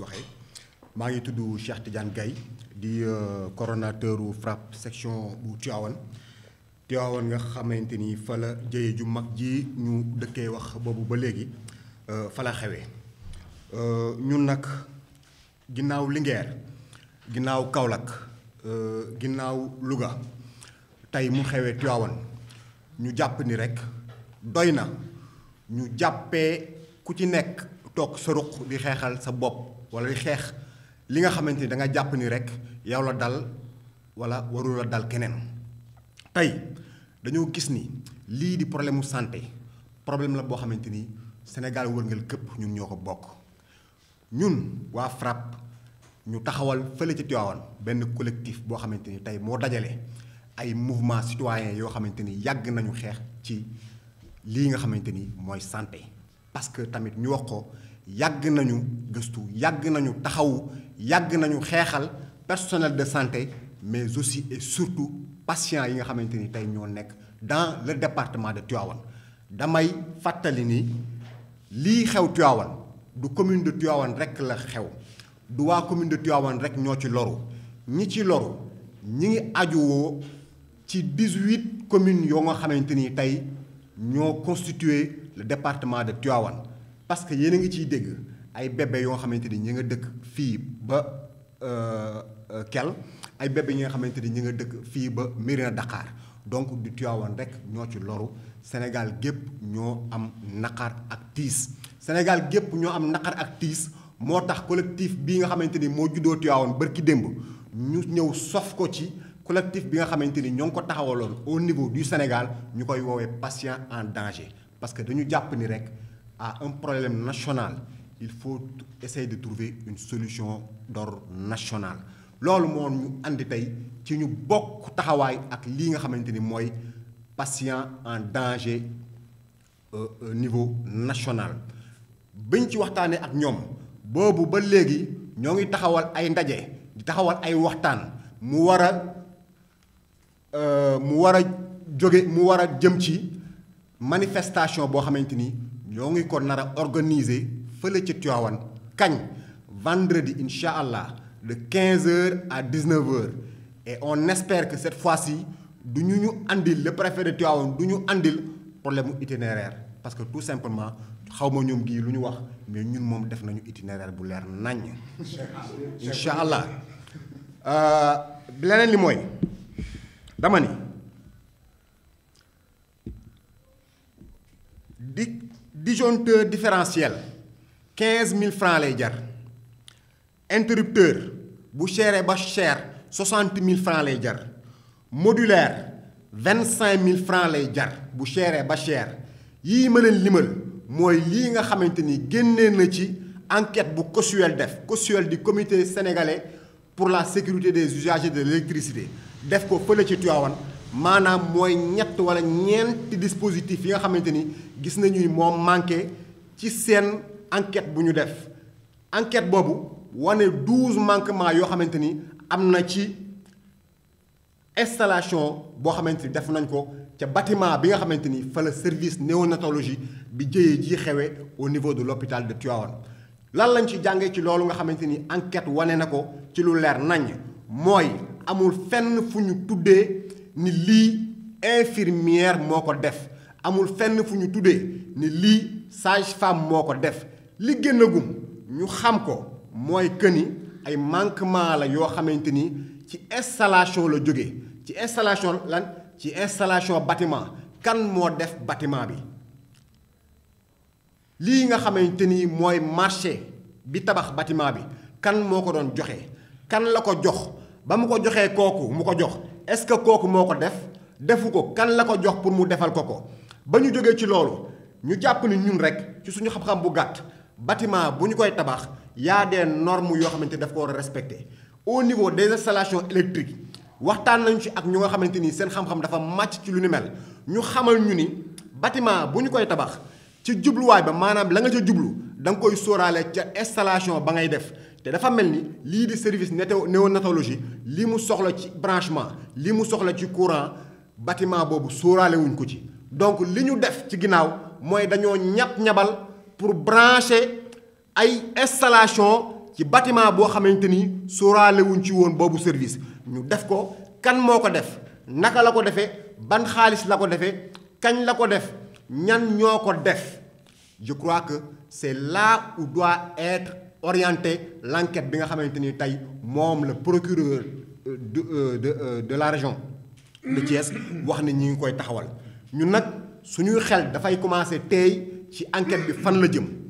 waxee maa ngi tudd Cheikh Tidiane Gaye di euh, coordonnateur u FRAPP section bu Tivaouane Tivaouane nga xamante ni fa jëye ju mag ji ñu dëkkee wax boobu ba léegi euh, fala xewe xewee euh, ñun nag ginnaaw Linguère ginnaaw Kaolack ginnaaw Louga tey mu xewee Tivaouane ñu jàpp ni rekk doy na ñu jàppee ku ci nekk toog sa ruq di xeexal sa bopp wala di xeex li nga xamante ni danga jàpp ni rek yow la dal wala warul la dal keneen tey dañoo gis ni lii di problème mu santé problème la boo xamante ni Sénégal wërngal këpp ñun ñoo ko bokk ñun waa FRAPP ñu taxawal fële ci Tivaouane benn collectif boo xamante ni tey moo dajale ay mouvement citoyen yoo xamante ni yàgg nañu xeex ci lii nga xamante ni mooy santé parce que tamit ñu wax ko yàgg nañu gëstu yàgg nañu taxawu yàgg nañu xeexal personnel de santé mais aussi et surtout patients yi nga xamante ni tey ñoo nekk dans le département de Tivaouane damay fàttali ni lii xew Tivaouane du commune du Tivaouane rek la xew du waa commune de Tivaouane rek ñoo ci loru ñi ci loru ñi ngi ajuwoo ci 18 communes yoo nga xamante ni tey ñoo constitué le département de Tivaouane parce que yéen a ngi ciy dégg ay bébé yoo xamante ni ñi nga dëkk fii ba euh, euh, Kell ay bébé yi nga xamante ni ñi nga dëkk fii ba Mérina Dakar donc du Tivaouane rek ñoo ci loru Sénégal gépp ñoo am naqar ak tiis Sénégal gépp ñoo am naqar ak tiis moo tax collectif bii nga xamante ni moo juddoo Tivaouane bërki démb ñu ñëw sof ko ci collectif bi nga xamante ni ñoo ngi ko taxawaloon au niveau du Sénégal ñu koy woowee patient en danger parce que dañu jàpp ni rek à un problème national il faut essayer de trouver une solution door national loolu moo ñu andi tey ci ñu bokk taxawaay ak lii nga xamante ni mooy patient en danger au euh, euh, niveau national biñ ci waxtaanee ak ñoom boobu ba léegi ñoo ngi taxawal ay ndaje di taxawal ay waxtaan mu wara Euh, mu war a jóge mu war a jëm ci manifestation boo xamante ni ñoo ngi ko nara a organiser fële ca Tivaouane kañ vendredi incha allah de quinze heures à 19 heures et on espère que cette fois-ci du ñu ñu andil le préfet de du ñu andil problème mu parce que tout simplement xaw ma ñoom gii lu ñu wax mais ñun moom def nañu itinéraire bu leer naññ. incha allah incha allah euh, leneen li mooy. dama ni di disjoncteur quinze mille francs lay jar interrupteur bu chéré ba cher soixante mille francs lay jar modulaire vingt cinq mille francs lay jar bu chéré ba cher yii ma leen limal mooy lii nga xamante ni génnee na ci enquête bu COSUEL def COSUEL di comité sénégalais pour la sécurité des usagers de l'électricité def ko fële ci Tivaouane maanaam mooy ñett wala ñeenti dispositif yi nga xamante ni gis nañuy moom manqué ci seen enquête bu ñu def enquête boobu wane douze manquements yoo xamante ni am na ci installation boo xamante ni def nañ ko ca bâtiment bi nga xamante ni fa la service néonatologie bi jëyee ji xewee au niveau de l'hôpital de Tivaouane lan lañ ci jàngee ci loolu nga xamante ni enquête wane na ko ci lu leer nañ mooy amul fenn fu ñu tuddee ni lii infirmière moo ko def amul fenn fu ñu tuddee ni lii sage-femme moo ko def li gën ñu xam ko mooy que ni ay manquement la yoo xamante ni ci installation la jóge ci installation lan ci installation bâtiment kan moo def batiment bi lii nga xamante ni mooy marché bi tabax batiment bi kan moo ko doon joxe kan la ko jox ba mu ko joxee kooku mu ko jox est-ce que kooku moo ko def defu ko kan la ko jox pour mu defal ko ko ba ñu jógee ci loolu ñu jàpp ni ñun rek ci suñu xam-xam bu gàtt bâtiment bu ñu koy tabax yaa des normes yoo xamante daf ko war a respecter au niveau des installations électriques waxtaan nañu ci ak ñu nga xamante ni seen xam-xam dafa màcc ci lu ni mel ñu xamal ñu ni bâtiment bu ñu koy tabax ci jubluwaay ba maanaam la nga ca jublu da nga koy sóoraale ca installation ba ngay def te dafa mel ni lii di service néo néonatologie lii mu soxla ci branchement lii mu soxla ci courant batiment boobu sóoraale wuñ ko ci. donc li ñu def ci ginnaaw mooy dañoo ñab ñabal pour brancher ay installation ci batiment boo xamante ni sóoraale wuñ ci woon boobu service ñu def ko kan moo ko def naka la ko defee ban xaalis la ko defee kañ la ko def ñan ñoo ko def je crois que c'est laa u doit être. orienter l'enquête bi nga xamante ni tey moom la procureur euh, de euh, de euh, de la région de Thiès wax ni ñi ngi koy taxawal ñun nag suñuy xel dafay commencer tey ci enquête bi fan la jëm